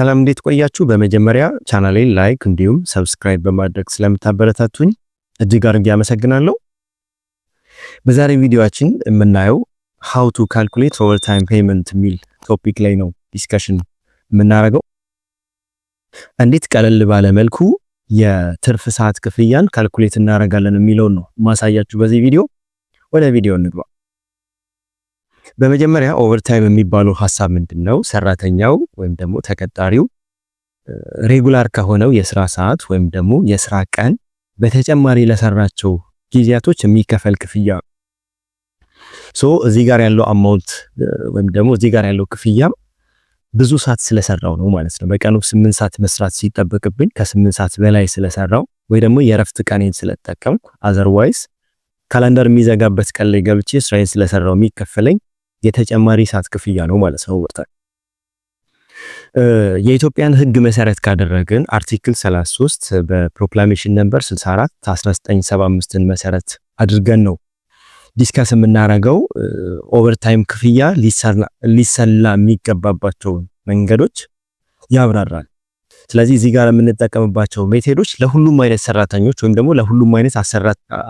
ሰላም እንዴት ቆያችሁ? በመጀመሪያ ቻናሌን ላይክ እንዲሁም ሰብስክራይብ በማድረግ ስለምታበረታቱኝ እጅግ አድርጌ አመሰግናለሁ። በዛሬ ቪዲዮአችን የምናየው ሃው ቱ ካልኩሌት ኦቨር ታይም ፔመንት የሚል ቶፒክ ላይ ነው ዲስከሽን የምናደርገው። እንዴት ቀለል ባለ መልኩ የትርፍ ሰዓት ክፍያን ካልኩሌት እናደርጋለን የሚለውን ነው ማሳያችሁ በዚህ ቪዲዮ። ወደ ቪዲዮ እንግባ። በመጀመሪያ ኦቨርታይም የሚባለው ሀሳብ ምንድን ነው? ሰራተኛው ወይም ደግሞ ተቀጣሪው ሬጉላር ከሆነው የስራ ሰዓት ወይም ደግሞ የስራ ቀን በተጨማሪ ለሰራቸው ጊዜያቶች የሚከፈል ክፍያ ሶ እዚህ ጋር ያለው አማውንት ወይም ደግሞ እዚህ ጋር ያለው ክፍያ ብዙ ሰዓት ስለሰራው ነው ማለት ነው። በቀኑ ስምንት ሰዓት መስራት ሲጠበቅብኝ ከስምንት ሰዓት በላይ ስለሰራው ወይ ደግሞ የእረፍት ቀኔን ስለጠቀምኩ አዘርዋይስ ካላንደር የሚዘጋበት ቀን ላይ ገብቼ ስራዬን ስለሰራው የሚከፈለኝ የተጨማሪ ሰዓት ክፍያ ነው ማለት ነው። ወርታል የኢትዮጵያን ህግ መሰረት ካደረግን አርቲክል 33 በፕሮክላሜሽን ነምበር 64 1975ን መሰረት አድርገን ነው ዲስካስ የምናረገው ኦቨርታይም ክፍያ ሊሰላ የሚገባባቸው መንገዶች ያብራራል። ስለዚህ እዚህ ጋር የምንጠቀምባቸው ሜቴዶች ለሁሉም አይነት ሰራተኞች ወይም ደግሞ ለሁሉም አይነት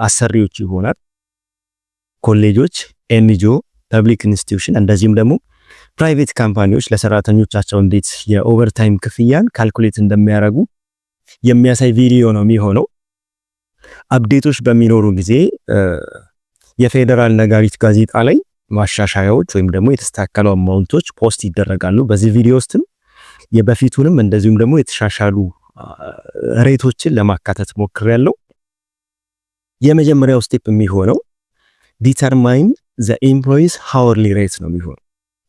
አሰሪዎች ይሆናል። ኮሌጆች፣ ኤንጂኦ ፐብሊክ ኢንስቲቱሽን እንደዚሁም ደግሞ ፕራይቬት ካምፓኒዎች ለሰራተኞቻቸው እንዴት የኦቨርታይም ክፍያን ካልኩሌት እንደሚያደርጉ የሚያሳይ ቪዲዮ ነው የሚሆነው። አፕዴቶች በሚኖሩ ጊዜ የፌዴራል ነጋሪት ጋዜጣ ላይ ማሻሻያዎች ወይም ደግሞ የተስተካከሉ አማውንቶች ፖስት ይደረጋሉ። በዚህ ቪዲዮ ውስጥም የበፊቱንም እንደዚሁም ደግሞ የተሻሻሉ ሬቶችን ለማካተት ሞክሬያለሁ። የመጀመሪያው ስቴፕ የሚሆነው ዲተርማይን ዘ ኤምፕሎይስ ሃወርሊ ሬት ነው የሚሆነው።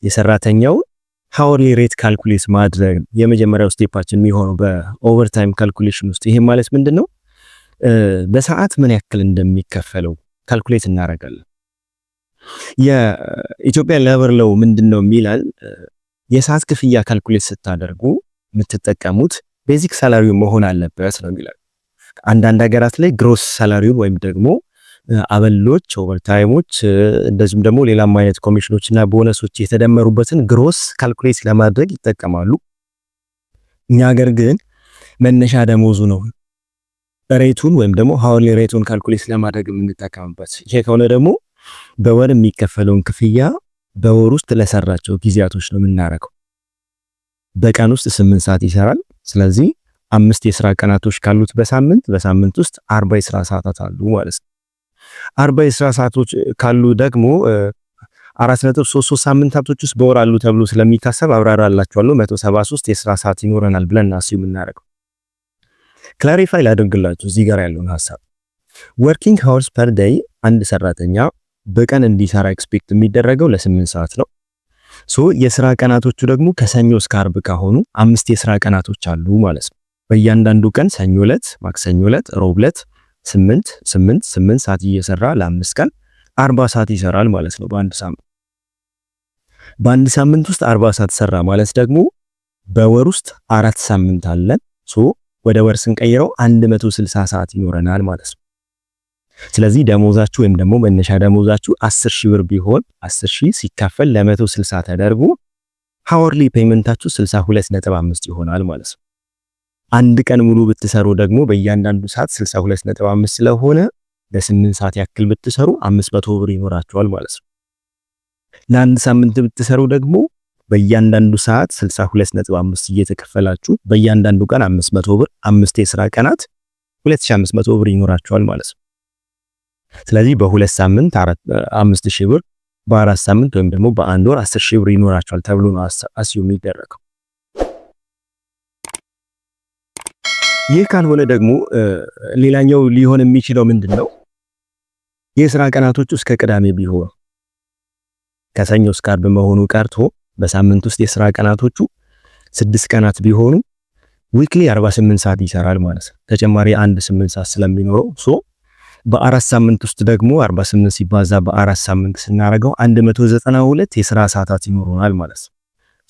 የሰራተኛው ሃወርሊ ሬት ካልኩሌት ማድረግ የመጀመሪያው ስቴፓችን የሚሆነው በኦቨርታይም ካልኩሌሽን ውስጥ። ይሄ ማለት ምንድን ነው? በሰዓት ምን ያክል እንደሚከፈለው ካልኩሌት እናደርጋለን። የኢትዮጵያ ሌበር ሎው ምንድን ነው የሚላል የሰዓት ክፍያ ካልኩሌት ስታደርጉ የምትጠቀሙት ቤዚክ ሳላሪው መሆን አለበት ነው የሚላል። አንዳንድ ሀገራት ላይ ግሮስ ሳላሪውን ወይም ደግሞ አበሎች፣ ኦቨርታይሞች እንደዚሁም ደግሞ ሌላም አይነት ኮሚሽኖች እና ቦነሶች የተደመሩበትን ግሮስ ካልኩሌት ለማድረግ ይጠቀማሉ። እኛ ሀገር ግን መነሻ ደሞዙ ነው ሬቱን ወይም ደግሞ ሀውሊ ሬቱን ካልኩሌት ለማድረግ የምንጠቀምበት። ይሄ ከሆነ ደግሞ በወር የሚከፈለውን ክፍያ በወር ውስጥ ለሰራቸው ጊዜያቶች ነው የምናረገው። በቀን ውስጥ ስምንት ሰዓት ይሰራል። ስለዚህ አምስት የስራ ቀናቶች ካሉት በሳምንት በሳምንት ውስጥ አርባ የስራ ሰዓታት አሉ ማለት ነው። አርባ የስራ ሰዓቶች ካሉ ደግሞ አራት ነጥብ ሶስት ሶስት ሳምንታቶች ውስጥ በወር አሉ ተብሎ ስለሚታሰብ አብራራላችኋለሁ። መቶ ሰባ ሶስት የስራ ሰዓት ይኖረናል ብለን ናስ የምናደርገው ክላሪፋይ ላደርግላችሁ እዚህ ጋር ያለውን ሀሳብ ወርኪንግ ሃወርስ ፐር ደይ አንድ ሰራተኛ በቀን እንዲሰራ ኤክስፔክት የሚደረገው ለስምንት ሰዓት ነው። ሶ የስራ ቀናቶቹ ደግሞ ከሰኞ እስከ አርብ ከሆኑ አምስት የስራ ቀናቶች አሉ ማለት ነው። በእያንዳንዱ ቀን ሰኞ ዕለት፣ ማክሰኞ ዕለት፣ ሮብ ዕለት፣ ስምንት ስምንት ስምንት ሰዓት እየሰራ ለአምስት ቀን አርባ ሰዓት ይሰራል ማለት ነው በአንድ ሳምንት። በአንድ ሳምንት ውስጥ አርባ ሰዓት ሰራ ማለት ደግሞ በወር ውስጥ አራት ሳምንት አለን። ሶ ወደ ወር ስንቀይረው አንድ መቶ ስልሳ ሰዓት ይኖረናል ማለት ነው። ስለዚህ ደሞዛችሁ ወይም ደግሞ መነሻ ደሞዛችሁ አስር ሺህ ብር ቢሆን አስር ሺህ ሲካፈል ለመቶ ስልሳ ተደርጎ ሀወርሊ ፔይመንታችሁ ስልሳ ሁለት ነጥብ አምስት ይሆናል ማለት ነው። አንድ ቀን ሙሉ ብትሰሩ ደግሞ በእያንዳንዱ ሰዓት 62.5 ስለሆነ ለ8 ሰዓት ያክል ብትሰሩ 500 ብር ይኖራቸዋል ማለት ነው። ለአንድ ሳምንት ብትሰሩ ደግሞ በእያንዳንዱ ሰዓት 62.5 እየተከፈላችሁ በእያንዳንዱ ቀን 500 ብር፣ አምስት የስራ ቀናት 2500 ብር ይኖራቸዋል ማለት ነው። ስለዚህ በሁለት ሳምንት 5000 ብር፣ በአራት ሳምንት ወይም ደግሞ በአንድ ወር 10000 ብር ይኖራቸዋል ተብሎ ነው አስዩ የሚደረገው። ይህ ካልሆነ ደግሞ ሌላኛው ሊሆን የሚችለው ምንድን ነው? የስራ ቀናቶች እስከ ቅዳሜ ቢሆን ከሰኞ እስከ አርብ መሆኑ ቀርቶ በሳምንት ውስጥ የስራ ቀናቶቹ ስድስት ቀናት ቢሆኑ ዊክሊ 48 ሰዓት ይሰራል ማለት ነው። ተጨማሪ አንድ 8 ሰዓት ስለሚኖረው ሶ በአራት ሳምንት ውስጥ ደግሞ 48 ሲባዛ በአራት ሳምንት ስናረገው 192 የስራ ሰዓታት ይኖሩናል ማለት ነው።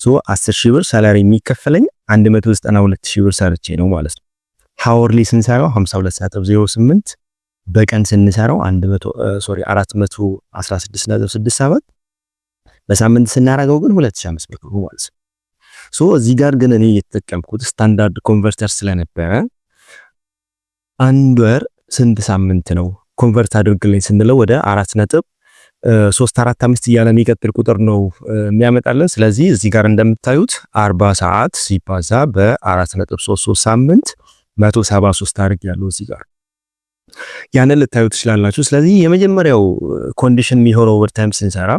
ሶ 10 ሺህ ብር ሳላሪ የሚከፈለኝ 192 ሺህ ብር ሰርቼ ነው ማለት ነው። ሀወርሊ ስንሰራው 52.08 በቀን ስንሰራው 100 ሶሪ 416 በሳምንት ስናረገው ግን 2500 ብር ማለት ነው። ሶ እዚህ ጋር ግን እኔ የተጠቀምኩት ስታንዳርድ ኮንቨርተር ስለነበረ አንድ ወር ስንት ሳምንት ነው ኮንቨርት አድርግልኝ ስንለው ወደ አራት ነጥብ 3 አራት አምስት እያለ የሚቀጥል ቁጥር ነው የሚያመጣለን። ስለዚህ እዚህ ጋር እንደምታዩት 40 ሰዓት ሲባዛ በአራት ነጥብ ሳምንት 173 አድርግ ያለው እዚህ ጋር ያንን ልታዩ ትችላላችሁ። ስለዚህ የመጀመሪያው ኮንዲሽን የሚሆነው ኦቨርታይም ስንሰራ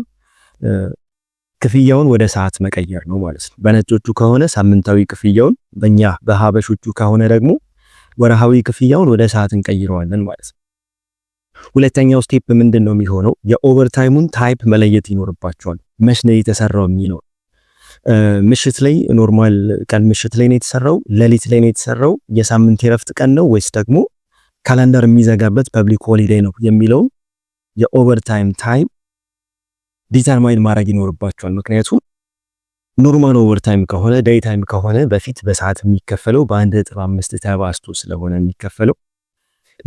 ክፍያውን ወደ ሰዓት መቀየር ነው ማለት ነው። በነጮቹ ከሆነ ሳምንታዊ ክፍያውን፣ በእኛ በሀበሾቹ ከሆነ ደግሞ ወራሃዊ ክፍያውን ወደ ሰዓት እንቀይረዋለን ማለት ነው። ሁለተኛው ስቴፕ ምንድን ነው የሚሆነው? የኦቨርታይሙን ታይፕ መለየት ይኖርባቸዋል። መች ነው የተሰራው የሚለው ምሽት ላይ ኖርማል ቀን ምሽት ላይ ነው የተሰራው? ሌሊት ላይ ነው የተሰራው? የሳምንት የረፍት ቀን ነው ወይስ ደግሞ ካላንደር የሚዘጋበት ፐብሊክ ሆሊዴይ ነው የሚለውን የኦቨርታይም ታይም ዲተርማይን ማድረግ ይኖርባቸዋል። ምክንያቱም ኖርማል ኦቨርታይም ከሆነ ዳይ ታይም ከሆነ በፊት በሰዓት የሚከፈለው በአንድ ነጥብ አምስት ተባስቶ ስለሆነ የሚከፈለው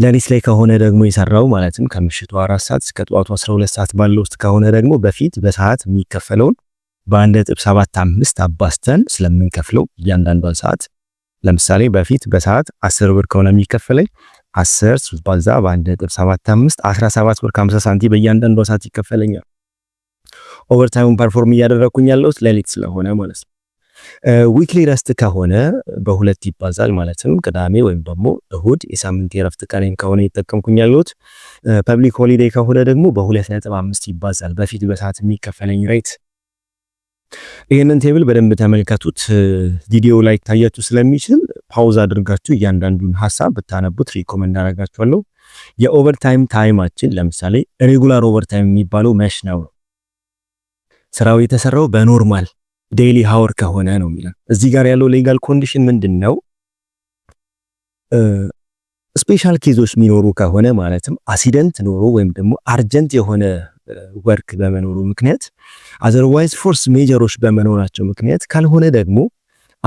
ለሊት ላይ ከሆነ ደግሞ የሰራው ማለትም ከምሽቱ አራት ሰዓት እስከ ጠዋቱ 12 ሰዓት ባለው ውስጥ ከሆነ ደግሞ በፊት በሰዓት የሚከፈለውን በአንድ ነጥብ ሰባት አምስት አባስተን ስለምንከፍለው እያንዳንዷን ሰዓት ለምሳሌ በፊት በሰዓት አስር ብር ከሆነ የሚከፈለኝ አስር ባዛ በአንድ ነጥብ ሰባት አምስት አስራ ሰባት ብር ከሀምሳ ሳንቲም በእያንዳንዷ ሰዓት ይከፈለኛል። ኦቨርታይሙን ፐርፎርም እያደረግኩኝ ያለሁት ሌሊት ስለሆነ ማለት ነው። ዊክሊ ረስት ከሆነ በሁለት ይባዛል ማለትም ቅዳሜ ወይም ደግሞ እሁድ የሳምንት የረፍት ቀኔን ከሆነ ይጠቀምኩኝ ያለሁት። ፐብሊክ ሆሊዴይ ከሆነ ደግሞ በሁለት ነጥብ አምስት ይባዛል በፊት በሰዓት የሚከፈለኝ ሬት ይህንን ቴብል በደንብ ተመልከቱት። ቪዲዮ ላይ ይታያችሁ ስለሚችል ፓውዝ አድርጋችሁ እያንዳንዱን ሀሳብ ብታነቡት ሪኮመንድ አደርጋችኋለሁ። የኦቨርታይም ታይማችን ለምሳሌ ሬጉላር ኦቨርታይም የሚባለው መሽ ነው። ስራው የተሰራው በኖርማል ዴይሊ ሀወር ከሆነ ነው የሚለው። እዚህ ጋር ያለው ሌጋል ኮንዲሽን ምንድን ነው? ስፔሻል ኬዞች የሚኖሩ ከሆነ ማለትም አክሲደንት ኖሮ ወይም ደግሞ አርጀንት የሆነ ወርክ በመኖሩ ምክንያት አዘርዋይዝ ፎርስ ሜጀሮች በመኖራቸው ምክንያት ካልሆነ ደግሞ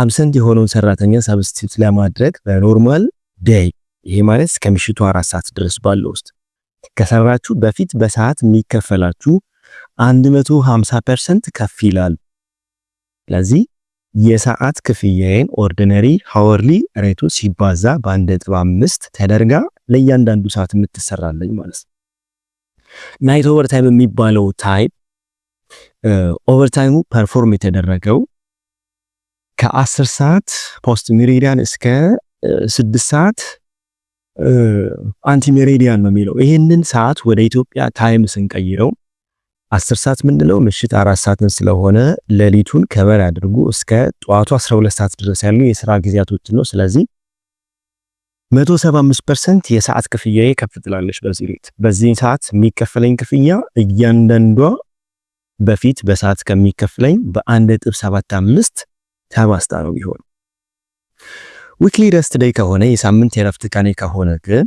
አብሰንት የሆነውን ሰራተኛ ሳብስቲት ለማድረግ በኖርማል ደይ ይሄ ማለት ከምሽቱ አራት ሰዓት ድረስ ባለው ውስጥ ከሰራችሁ በፊት በሰዓት የሚከፈላችሁ 150 ፐርሰንት ከፍ ይላል። ስለዚህ የሰዓት ክፍያዬን ኦርዲነሪ ሀወርሊ ሬቱ ሲባዛ በአንድ ነጥብ አምስት ተደርጋ ለእያንዳንዱ ሰዓት የምትሰራለኝ ማለት ነው። ናይት ኦቨርታይም የሚባለው ታይም ኦቨርታይሙ ፐርፎርም የተደረገው ከአስር ሰዓት ፖስት ሜሪዲያን እስከ ስድስት ሰዓት አንቲ ሜሪዲያን ነው የሚለው። ይህንን ሰዓት ወደ ኢትዮጵያ ታይም ስንቀይረው አስር ሰዓት ምንድነው ምሽት አራት ሰዓትን ስለሆነ ሌሊቱን ከበር አድርጉ እስከ ጠዋቱ አስራ ሁለት ሰዓት ድረስ ያሉ የስራ ጊዜያቶችን ነው። ስለዚህ 175 ፐርሰንት የሰዓት ክፍያዬ ከፍ ትላለች። በዚህ ቤት በዚህ ሰዓት የሚከፈለኝ ክፍያ እያንዳንዷ በፊት በሰዓት ከሚከፍለኝ በአንድ ነጥብ ሰባት አምስት ተባስታ ነው ቢሆን ዊክሊ ረስት ደይ ከሆነ የሳምንት የረፍት ቀኔ ከሆነ ግን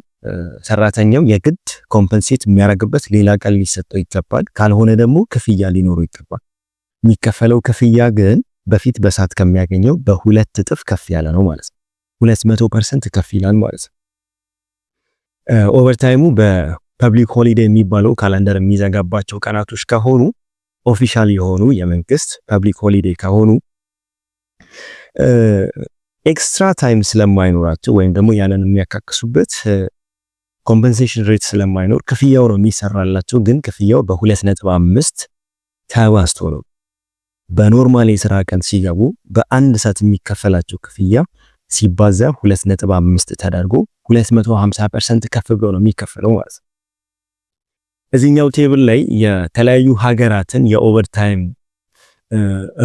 ሰራተኛው የግድ ኮምፐንሴት የሚያደርግበት ሌላ ቀን ሊሰጠው ይገባል። ካልሆነ ደግሞ ክፍያ ሊኖረው ይገባል። የሚከፈለው ክፍያ ግን በፊት በሰዓት ከሚያገኘው በሁለት እጥፍ ከፍ ያለ ነው ማለት ነው። ሁለት መቶ ፐርሰንት ከፍ ይላል ማለት ነው። ኦቨርታይሙ በፐብሊክ ሆሊዴ የሚባለው ካላንደር የሚዘጋባቸው ቀናቶች ከሆኑ ኦፊሻል የሆኑ የመንግስት ፐብሊክ ሆሊዴ ከሆኑ ኤክስትራ ታይም ስለማይኖራቸው ወይም ደግሞ ያንን የሚያካክሱበት ኮምፐንሴሽን ሬት ስለማይኖር ክፍያው ነው የሚሰራላቸው። ግን ክፍያው በ2.5 አምስት ተባዝቶ ነው። በኖርማል የስራ ቀን ሲገቡ በአንድ ሰዓት የሚከፈላቸው ክፍያ ሲባዛ 2.5 ተደርጎ 250% ከፍ ብሎ ነው የሚከፈለው ማለት ነው። እዚህኛው ቴብል ላይ የተለያዩ ሀገራትን የኦቨርታይም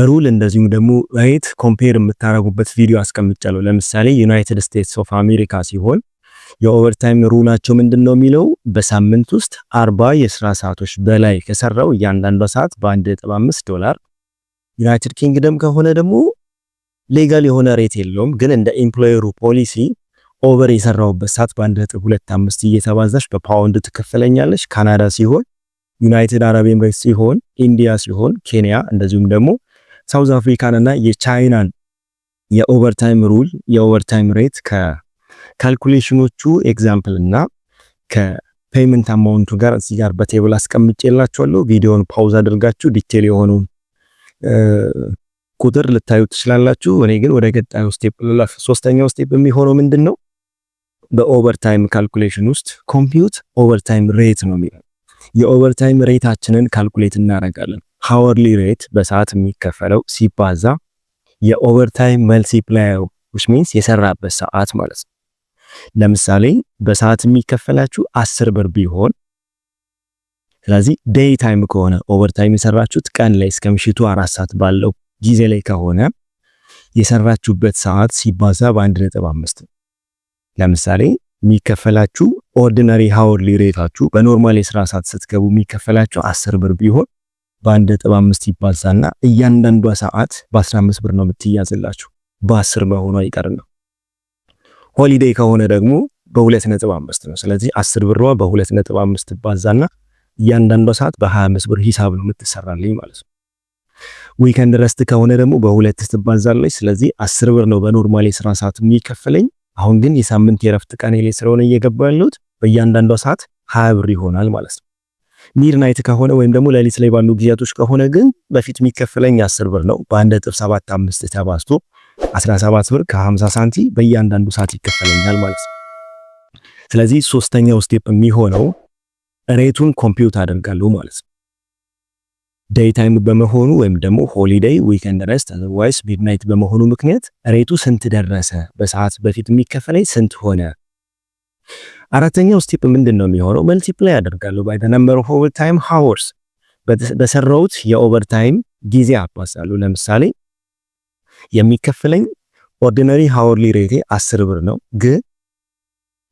ሩል እንደዚሁ ደግሞ ራይት ኮምፔር የምታረጉበት ቪዲዮ አስቀምጫለሁ። ለምሳሌ ዩናይትድ ስቴትስ ኦፍ አሜሪካ ሲሆን የኦቨርታይም ሩላቸው ምንድን ነው የሚለው በሳምንት ውስጥ አርባ የስራ ሰዓቶች በላይ ከሰራው እያንዳንዷ ሰዓት በ1.5 ዶላር ዩናይትድ ኪንግደም ከሆነ ደግሞ ሌጋል የሆነ ሬት የለውም፣ ግን እንደ ኢምፕሎየሩ ፖሊሲ ኦቨር የሰራውበት ሰዓት በአንድ ነጥብ ሁለት አምስት እየተባዛሽ በፓውንድ ትከፈለኛለች። ካናዳ ሲሆን፣ ዩናይትድ አረብ ኤምሬት ሲሆን፣ ኢንዲያ ሲሆን፣ ኬንያ እንደዚሁም ደግሞ ሳውዝ አፍሪካን የቻይናን የኦቨርታይም ሩል የኦቨርታይም ሬት ከካልኩሌሽኖቹ ኤግዛምፕል እና ከፔይመንት አማውንቱ ጋር እዚህ ጋር በቴብል አስቀምጬላችኋለሁ። ቪዲዮን ፓውዝ አድርጋችሁ ዲቴል የሆኑ ቁጥር ልታዩ ትችላላችሁ። እኔ ግን ወደ ቀጣዩ ስቴፕ ልላፍ። ሶስተኛው ስቴፕ የሚሆነው ምንድን ነው? በኦቨርታይም ካልኩሌሽን ውስጥ ኮምፒውት ኦቨርታይም ሬት ነው የሚለው የኦቨርታይም ሬታችንን ካልኩሌት እናደርጋለን። ሃወርሊ ሬት በሰዓት የሚከፈለው ሲባዛ የኦቨርታይም መልቲፕላየር ዊች ሚንስ የሰራበት ሰዓት ማለት ነው። ለምሳሌ በሰዓት የሚከፈላችሁ አስር ብር ቢሆን ስለዚህ ዴይ ታይም ከሆነ ኦቨርታይም የሰራችሁት ቀን ላይ እስከ ምሽቱ አራት ሰዓት ባለው ጊዜ ላይ ከሆነ የሰራችሁበት ሰዓት ሲባዛ በአንድ ነጥብ አምስት ነው። ለምሳሌ የሚከፈላችሁ ኦርዲነሪ ሃውርሊ ሬታችሁ በኖርማል የስራ ሰዓት ስትገቡ የሚከፈላችሁ አስር ብር ቢሆን በአንድ ነጥብ አምስት ይባዛና እያንዳንዷ ሰዓት በ15 ብር ነው የምትያዝላችሁ። በአስር መሆኑ አይቀር ነው። ሆሊዴይ ከሆነ ደግሞ በሁለት ነጥብ አምስት ነው። ስለዚህ አስር ብሯ በሁለት ነጥብ አምስት ይባዛና እያንዳንዷ ሰዓት በ25 ብር ሂሳብ ነው የምትሰራልኝ ማለት ነው። ዊከንድ ረስት ከሆነ ደግሞ በሁለት ትባዛለች። ስለዚህ አስር ብር ነው በኖርማል የስራ ሰዓት የሚከፈለኝ። አሁን ግን የሳምንት የረፍት ቀን ላይ ስለሆነ እየገባ ያለሁት በእያንዳንዷ ሰዓት ሀያ ብር ይሆናል ማለት ነው። ናይት ከሆነ ወይም ደግሞ ሌሊት ላይ ባሉ ጊዜያቶች ከሆነ ግን በፊት የሚከፈለኝ አስር ብር ነው። በአንድ ነጥብ ሰባት አምስት ተባዝቶ 17 ብር ከ50 ሳንቲ በእያንዳንዱ ሰዓት ይከፈለኛል ማለት ነው። ስለዚህ ሶስተኛው ስቴፕ የሚሆነው ሬቱን ኮምፒውት አደርጋለሁ ማለት ነው። ዴይ ታይም በመሆኑ ወይም ደግሞ ሆሊዴይ ዊከንድ ረስት አዘርዋይስ ሚድናይት በመሆኑ ምክንያት ሬቱ ስንት ደረሰ? በሰዓት በፊት የሚከፈለኝ ስንት ሆነ? አራተኛው ስቴፕ ምንድን ነው የሚሆነው? መልቲፕላይ ያደርጋለሁ ባይ ነምበር ኦፍ ኦቨር ታይም ሃወርስ በሰራሁት የኦቨር ታይም ጊዜ አባዛለሁ። ለምሳሌ የሚከፈለኝ ኦርዲነሪ ሃወርሊ ሬቴ አስር ብር ነው፣ ግን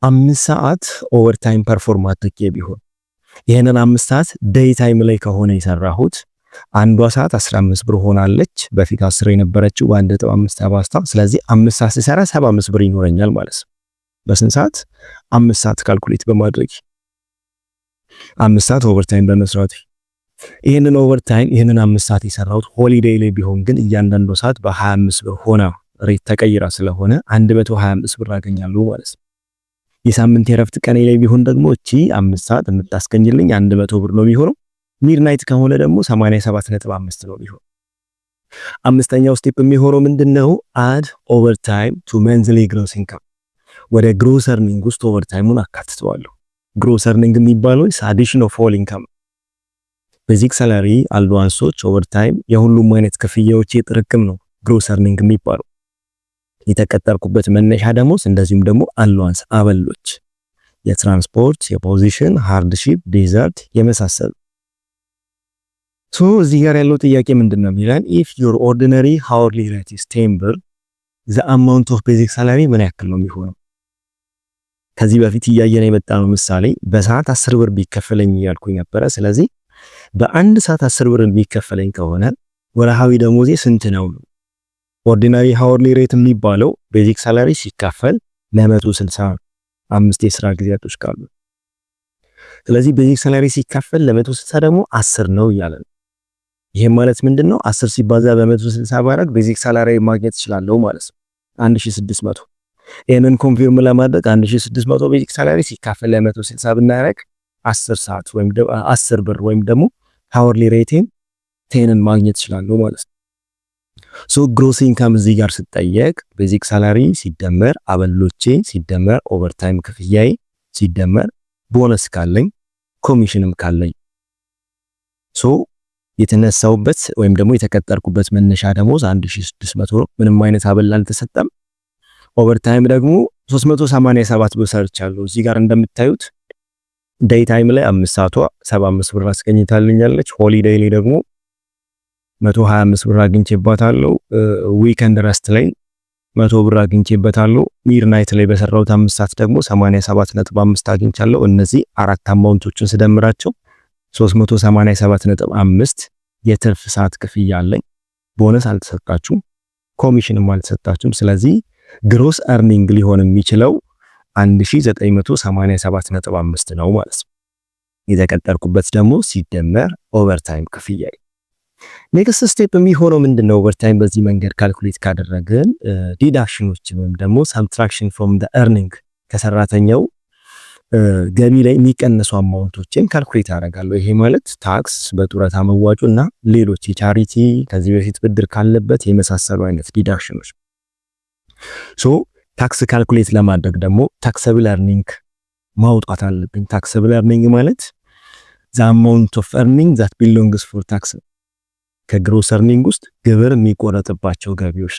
አምስት ሰዓት ኦቨር ታይም ፐርፎርም አድርጌ ቢሆን ይህንን አምስት ሰዓት ደይ ታይም ላይ ከሆነ የሰራሁት አንዷ ሰዓት 15 ብር ሆናለች። በፊት 10 የነበረችው በአንድ ነጥብ አምስት አባስታ። ስለዚህ አምስት ሰዓት ሲሰራ 75 ብር ይኖረኛል ማለት ነው። በስንት ሰዓት? አምስት ሰዓት ካልኩሌት በማድረግ አምስት ሰዓት ኦቨርታይም በመስራት ይህንን ኦቨርታይም ይህንን አምስት ሰዓት የሰራሁት ሆሊዴይ ላይ ቢሆን ግን እያንዳንዱ ሰዓት በ25 ብር ሆና ሬት ተቀይራ ስለሆነ 125 ብር አገኛለሁ ማለት ነው። የሳምንት የረፍት ቀኔ ላይ ቢሆን ደግሞ እቺ አምስት ሰዓት የምታስገኝልኝ አንድ መቶ ብር ነው የሚሆነው። ሚድናይት ከሆነ ደግሞ 87.5 ነው የሚሆነው። አምስተኛው ስቴፕ የሚሆነው ምንድነው? አድ ኦቨር ታይም ቱ መንዝሊ ግሮስ ኢንካም። ወደ ግሮስ እርኒንግ ውስጥ ኦቨር ታይሙን አካትተዋለሁ። ግሮስ እርኒንግ የሚባለው አዲሽን ኦፍ ኦል ኢንካም። ቤዚክ ሰላሪ፣ አልዋንሶች፣ ታይም የሁሉም አይነት ክፍያዎች የጥርቅም ነው ግሮስ እርኒንግ የሚባለው። የተቀጠርኩበት መነሻ ደሞዝ እንደዚሁም ደግሞ አለዋንስ አበሎች፣ የትራንስፖርት፣ የፖዚሽን፣ ሃርድሺፕ፣ ዴዘርት የመሳሰሉ ሶ እዚህ ጋር ያለው ጥያቄ ምንድን ነው የሚለን ኢፍ ዩር ኦርዲነሪ ሃውርሊ ሬት ኢዝ ቴን ብር ዘ አማውንት ኦፍ ቤዚክ ሳላሪ ምን ያክል ነው የሚሆነው? ከዚህ በፊት እያየን የመጣ ነው። ምሳሌ በሰዓት አስር ብር ቢከፈለኝ እያልኩኝ ነበረ። ስለዚህ በአንድ ሰዓት አስር ብር ቢከፈለኝ ከሆነ ወርሃዊ ደሞዜ ስንት ነው ነው? ኦርዲናሪ ሀወርሊ ሬት የሚባለው ቤዚክ ሳላሪ ሲካፈል ለ165 የስራ ጊዜያቶች ካሉ፣ ስለዚህ ቤዚክ ሳላሪ ሲካፈል ለ160 ደግሞ 10 ነው እያለ ነው። ይህም ማለት ምንድን ነው? 10 ሲባዛ በ160 ባረግ ቤዚክ ሳላሪ ማግኘት እችላለሁ ማለት ነው 1600። ይህንን ኮንፊርም ለማድረግ 1600 ቤዚክ ሳላሪ ሲካፈል ለ160 ብናረግ 10 ሰዓት ወይም 10 ብር ወይም ደግሞ ሀወርሊ ሬቴን ቴንን ማግኘት እችላለሁ ማለት ነው። ሶ ግሮስ ኢንካም እዚህ ጋር ስጠየቅ ቤዚክ ሳላሪ ሲደመር አበሎቼ ሲደመር ኦቨርታይም ክፍያዬ ሲደመር ቦነስ ካለኝ ኮሚሽንም ካለኝ ሶ የተነሳውበት ወይም ደግሞ የተቀጠርኩበት መነሻ ደሞዝ 1600 ነው። ምንም አይነት አበል አልተሰጠም። ኦቨርታይም ደግሞ 387 ብር ሰርቻለሁ። እዚህ ጋር እንደምታዩት ዴይ ታይም ላይ 5 ሰዓቷ 75 ብር አስገኝታልኛለች። ሆሊዴይ ላይ ደግሞ መቶ ሀያ አምስት ብር አግኝቼባታለሁ። ዊከንድ ረስት ላይ መቶ ብር አግኝቼበታለሁ። ናይት ላይ በሰራሁት አምስት ሰዓት ደግሞ ሰማንያ ሰባት ነጥብ አምስት አግኝቻለሁ። እነዚህ አራት አማውንቶችን ስደምራቸው ሶስት መቶ ሰማንያ ሰባት ነጥብ አምስት የትርፍ ሰዓት ክፍያ አለኝ። ቦነስ አልተሰጣችሁም፣ ኮሚሽንም አልተሰጣችሁም። ስለዚህ ግሮስ አርኒንግ ሊሆን የሚችለው 1987 ነጥብ አምስት ነው ማለት ነው። የተቀጠርኩበት ደግሞ ሲደመር ኦቨርታይም ክፍያ ኔክስት ስቴፕ የሚሆነው ምንድን ነው? ኦቨርታይም በዚህ መንገድ ካልኩሌት ካደረግን ዲዳክሽኖች ወይም ደግሞ ሳብትራክሽን ፍሮም ኤርኒንግ ከሰራተኛው ገቢ ላይ የሚቀነሱ አማውንቶችን ካልኩሌት አደርጋለሁ። ይሄ ማለት ታክስ፣ በጡረታ መዋጮ እና ሌሎች የቻሪቲ ከዚህ በፊት ብድር ካለበት የመሳሰሉ አይነት ዲዳክሽኖች። ሶ ታክስ ካልኩሌት ለማድረግ ደግሞ ታክሰብል ኤርኒንግ ማውጣት አለብኝ። ታክሰብል ኤርኒንግ ማለት ዘ አማውንት ኦፍ ኤርኒንግ ዛት ቢሎንግስ ፎር ታክስ ከግሮሰርኒንግ ውስጥ ግብር የሚቆረጥባቸው ገቢዎች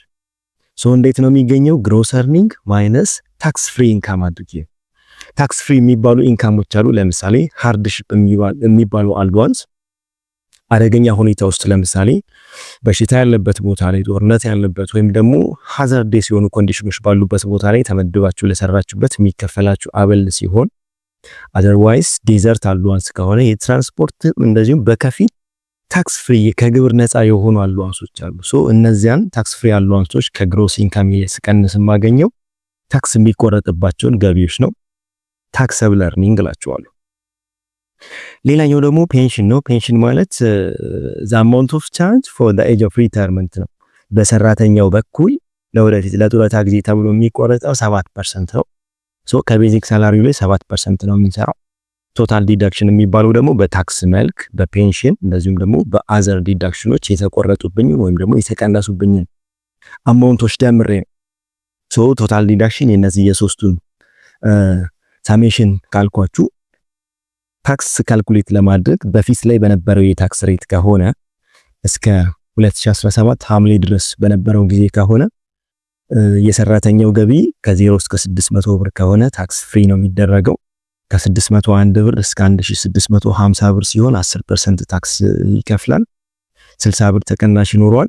ሶ እንዴት ነው የሚገኘው? ግሮሰርኒንግ ማይነስ ታክስ ፍሪ ኢንካም አድርጌ ታክስ ፍሪ የሚባሉ ኢንካሞች አሉ። ለምሳሌ ሃርድሽፕ የሚባሉ አልዋንስ አደገኛ ሁኔታ ውስጥ ለምሳሌ በሽታ ያለበት ቦታ ላይ፣ ጦርነት ያለበት ወይም ደግሞ ሀዘርዴ ሲሆኑ ኮንዲሽኖች ባሉበት ቦታ ላይ ተመድባችሁ ለሰራችሁበት የሚከፈላችሁ አበል ሲሆን አዘርዋይስ ዴዘርት አልዋንስ ከሆነ የትራንስፖርት እንደዚሁም በከፊል ታክስ ፍሪ ከግብር ነፃ የሆኑ አሉዋንሶች አሉ። ሶ እነዚያን ታክስ ፍሪ አሉዋንሶች ከግሮስ ኢንካም ስቀንስ የማገኘው ታክስ የሚቆረጥባቸውን ገቢዎች ነው። ታክሰብል እርኒንግ እላቸዋለሁ። ሌላኛው ደግሞ ፔንሽን ነው። ፔንሽን ማለት ዘ አማውንት ኦፍ ቻርጅ ፎር ዘ ኤጅ ኦፍ ሪታየርመንት ነው። በሰራተኛው በኩል ለወደፊት ለጡረታ ጊዜ ተብሎ የሚቆረጠው ሰባት ፐርሰንት ነው። ሶ ከቤዚክ ሳላሪው ላይ ሰባት ፐርሰንት ነው የሚሰራው። ቶታል ዲዳክሽን የሚባለው ደግሞ በታክስ መልክ በፔንሽን እንደዚሁም ደግሞ በአዘር ዲዳክሽኖች የተቆረጡብኝን ወይም ደግሞ የተቀነሱብኝን አማውንቶች ደምሬ ቶታል ዲዳክሽን የነዚህ የሶስቱን ሳሜሽን ካልኳችሁ ታክስ ካልኩሌት ለማድረግ በፊት ላይ በነበረው የታክስ ሬት ከሆነ እስከ 2017 ሐምሌ ድረስ በነበረው ጊዜ ከሆነ የሰራተኛው ገቢ ከ0 እስከ 600 ብር ከሆነ ታክስ ፍሪ ነው የሚደረገው። ከ601 ብር እስከ 1650 ብር ሲሆን 10% ታክስ ይከፍላል። 60 ብር ተቀናሽ ይኖረዋል።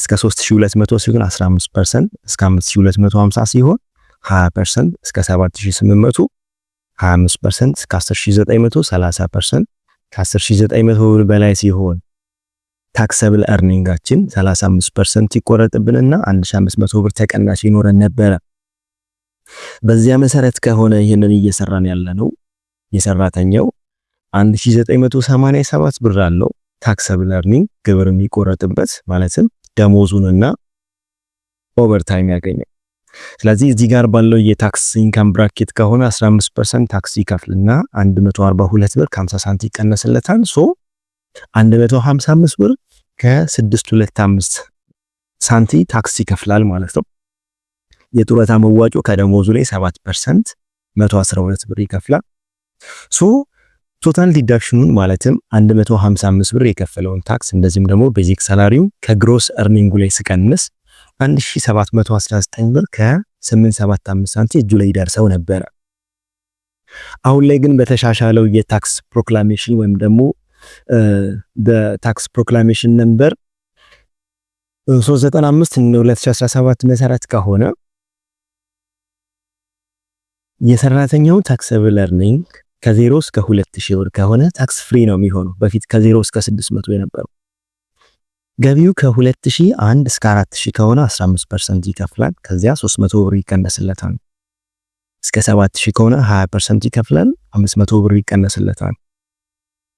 እስከ 3200 ሲሆን 15% እስከ 5250 ሲሆን 20% እስከ 7800 25% እስከ 10900 30% ከ10900 ብር በላይ ሲሆን ታክሰብል እርኒንጋችን 35% ይቆረጥብንና 1500 ብር ተቀናሽ ይኖረን ነበረ። በዚያ መሰረት ከሆነ ይህንን እየሰራን ያለ ነው። የሰራተኛው 1987 ብር አለው ታክሰብል ለርኒንግ ግብር የሚቆረጥበት ማለትም ደሞዙንና ኦቨርታይም ያገኘ። ስለዚህ እዚህ ጋር ባለው የታክስ ኢንካም ብራኬት ከሆነ 15 ታክስ ይከፍልና 142 ብር 50 ሳንቲ ይቀነስለታል። ሶ 155 ብር ከ625 ሳንቲ ታክስ ይከፍላል ማለት ነው። የጡረታ መዋጮ ከደሞዙ ላይ 7 ፐርሰንት 112 ብር ይከፍላል። ሶ ቶታል ዲዳክሽኑን ማለትም 155 ብር የከፈለውን ታክስ እንደዚህም ደግሞ ቤዚክ ሳላሪው ከግሮስ እርኒንጉ ላይ ስቀንስ 1719 ብር ከ875 ሳንቲ እጁ ላይ ደርሰው ነበረ። አሁን ላይ ግን በተሻሻለው የታክስ ፕሮክላሜሽን ወይም ደግሞ በታክስ ፕሮክላሜሽን ነምበር 395 2017 መሰረት ከሆነ የሰራተኛው ታክሰብል ኤርኒንግ ከዜሮ እስከ ሁለት ሺህ ብር ከሆነ ታክስ ፍሪ ነው የሚሆነው። በፊት ከዜሮ እስከ ስድስት መቶ የነበረው ገቢው ከሁለት ሺህ አንድ እስከ አራት ከሆነ 15 ፐርሰንት ይከፍላል። ከዚያ 300 ብር ይቀነስለታል። እስከ 7 ሺህ ከሆነ 20 ፐርሰንት ይከፍላል። 500 ብር ይቀነስለታል።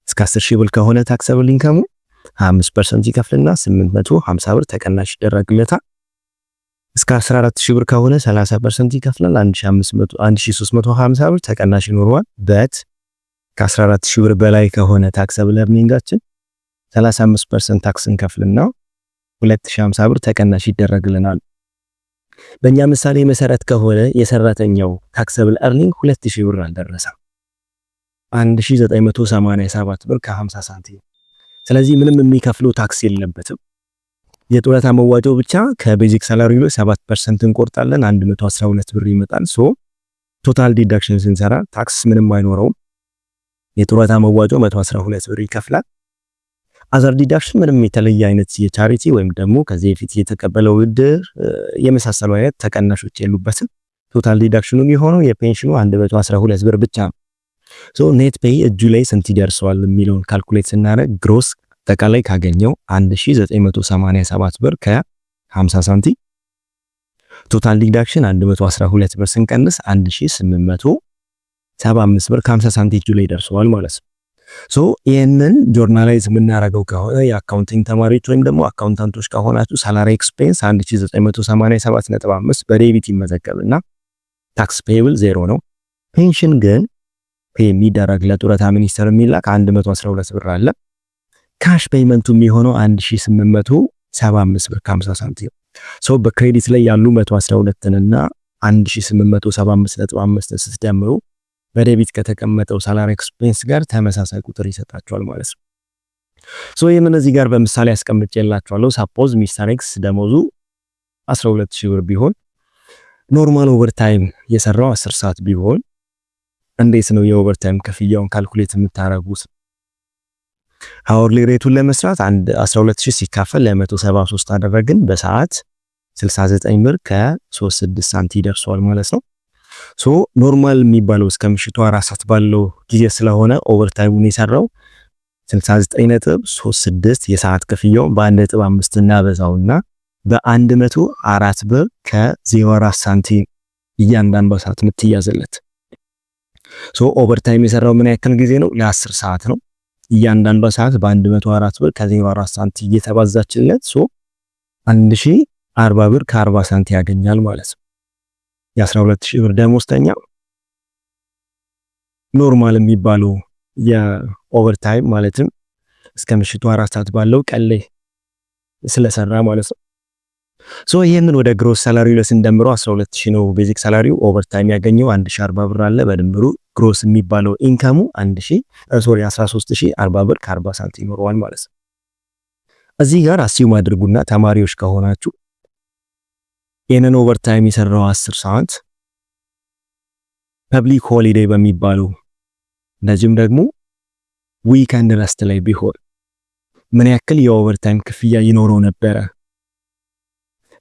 እስከ 10 ብር ከሆነ ታክሰብል ኢንካሙ 25 ፐርሰንት ይከፍልና 850 ብር ተቀናሽ ይደረግለታል። እስከ 14 ሺህ ብር ከሆነ 30 ፐርሰንት ይከፍላል። 1350 ብር ተቀናሽ ይኖረዋል። በት ከ14 ሺህ ብር በላይ ከሆነ ታክስ ለሚንጋችን 35 ፐርሰንት ታክስ እንከፍልና 2050 ብር ተቀናሽ ይደረግልናል። በእኛ ምሳሌ መሰረት ከሆነ የሰራተኛው ታክሰብል ኤርኒንግ 2000 ብር አልደረሰም፣ 1987 ብር ከ50 ሳንቲም። ስለዚህ ምንም የሚከፍለው ታክስ የለበትም። የጡረታ መዋጮ ብቻ ከቤዚክ ሳላሪ ላይ 7 ፐርሰንት እንቆርጣለን። 112 ብር ይመጣል። ሶ ቶታል ዲዳክሽን ስንሰራ ታክስ ምንም አይኖረውም። የጡረታ መዋጮ 112 ብር ይከፍላል። አዘር ዲዳክሽን ምንም የተለየ አይነት የቻሪቲ ወይም ደግሞ ከዚህ በፊት የተቀበለው ብድር የመሳሰሉ አይነት ተቀናሾች የሉበትም። ቶታል ዲዳክሽኑ የሚሆነው የፔንሽኑ 112 ብር ብቻ ነው። ሶ ኔት ፔይ እጁ ላይ ስንት ይደርሰዋል የሚለውን ካልኩሌት ስናደርግ ግሮስ አጠቃላይ ካገኘው 1987 ብር ከ50 ሳንቲም ቶታል ዲዳክሽን 112 ብር ስንቀንስ 1875 ብር ከ50 ሳንቲም እጁ ላይ ደርሰዋል ማለት ነው። ሶ ይህንን ጆርናላይዝ የምናደርገው ከሆነ የአካውንቲንግ ተማሪዎች ወይም ደግሞ አካውንታንቶች ከሆናችሁ ሳላሪ ኤክስፔንስ 1987.5 በዴቢት ይመዘገብና ታክስ ፔብል ዜሮ ነው። ፔንሽን ግን የሚደረግ ለጡረታ ሚኒስቴር የሚላክ 112 ብር አለ። ካሽ ፔይመንቱ የሚሆነው 1875 ብር ከ50 ሳንቲም ሰው በክሬዲት ላይ ያሉ 112ንና 1875.5 ስትደምሩ በደቢት ከተቀመጠው ሳላሪ ኤክስፔንስ ጋር ተመሳሳይ ቁጥር ይሰጣቸዋል ማለት ነው። ሶ ይህምን እዚህ ጋር በምሳሌ አስቀምጬላችኋለሁ። ሳፖዝ ሚስተር ኤክስ ደሞዙ 12 ብር ቢሆን ኖርማል ኦቨርታይም የሰራው 10 ሰዓት ቢሆን እንዴት ነው የኦቨርታይም ክፍያውን ካልኩሌት የምታረጉት? ሀወርሊ ሬቱን ለመስራት 12000 ሲካፈል ለ173 አደረግን በሰዓት 69 ብር ከ36 ሳንቲ ደርሷል ማለት ነው። ሶ ኖርማል የሚባለው እስከ ምሽቱ አራት ሰዓት ባለው ጊዜ ስለሆነ ኦቨርታይሙን የሰራው 69 ነጥብ 36 የሰዓት ክፍያው በ1 ነጥብ 5 እናበዛውና በ104 ብር ከ04 ሳንቲ እያንዳንዷ ሰዓት የምትያዝለት ሶ ኦቨርታይም የሰራው ምን ያክል ጊዜ ነው? ለ10 ሰዓት ነው። እያንዳንዷ ሰዓት በ104 ብር ከ04 ሳንቲ እየተባዛችለት ሶ 1040 ብር ከ40 ሳንቲ ያገኛል ማለት ነው። የ12000 ብር ደሞዝተኛ ኖርማል የሚባለው የኦቨርታይም ማለትም እስከ ምሽቱ አራት ሰዓት ባለው ቀን ላይ ስለሰራ ማለት ነው። ሶ ይህንን ወደ ግሮስ ሳላሪው ላይ ስንደምረው 12000 ነው ቤዚክ ሰላሪው ኦቨርታይም ያገኘው 1040 ብር አለ በድምሩ ግሮስ የሚባለው ኢንካሙ 1340 ብር ከ40 ሳንቲም ይኖረዋል ማለት ነው። እዚህ ጋር አሲዩም አድርጉና ተማሪዎች ከሆናችሁ ይህንን ኦቨርታይም የሰራው 10 ሰዓት ፐብሊክ ሆሊዴይ በሚባለው እንደዚሁም ደግሞ ዊከንድ ረስት ላይ ቢሆን ምን ያክል የኦቨርታይም ክፍያ ይኖረው ነበረ?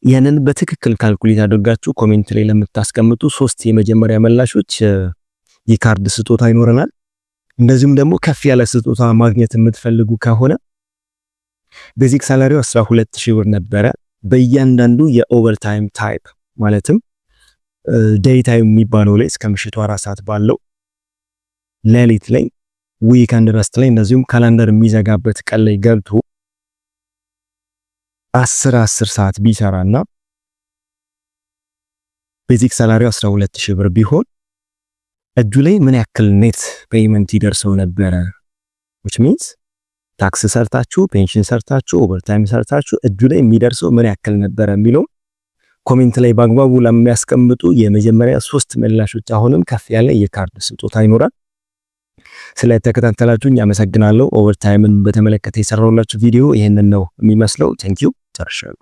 ይህንን በትክክል ካልኩሌት አድርጋችሁ ኮሜንት ላይ ለምታስቀምጡ ሶስት የመጀመሪያ መላሾች የካርድ ስጦታ ይኖረናል። እንደዚሁም ደግሞ ከፍ ያለ ስጦታ ማግኘት የምትፈልጉ ከሆነ ቤዚክ ሳላሪው 12000 ብር ነበረ። በእያንዳንዱ የኦቨርታይም ታይፕ ማለትም ዴይ ታይም የሚባለው ላይ እስከ ምሽቱ አራት ሰዓት ባለው ሌሊት ላይ ዊከንድ ረስት ላይ እንደዚሁም ካላንደር የሚዘጋበት ቀን ላይ ገብቶ አስር አስር ሰዓት ቢሰራና ቤዚክ ሳላሪው 12000 ብር ቢሆን እጁ ላይ ምን ያክል ኔት ፔይመንት ይደርሰው ነበረ? ዊች ሚንስ ታክስ ሰርታችሁ ፔንሽን ሰርታችሁ ኦቨርታይም ሰርታችሁ እጁ ላይ የሚደርሰው ምን ያክል ነበረ የሚለው ኮሜንት ላይ በአግባቡ ለሚያስቀምጡ የመጀመሪያ ሶስት ምላሾች አሁንም ከፍ ያለ የካርድ ስጦታ ይኖራል። ስለተከታተላችሁኝ አመሰግናለሁ። ኦቨርታይምን በተመለከተ የሰራሁላችሁ ቪዲዮ ይህንን ነው የሚመስለው። ቴንኪዩ ጨርሻለሁ።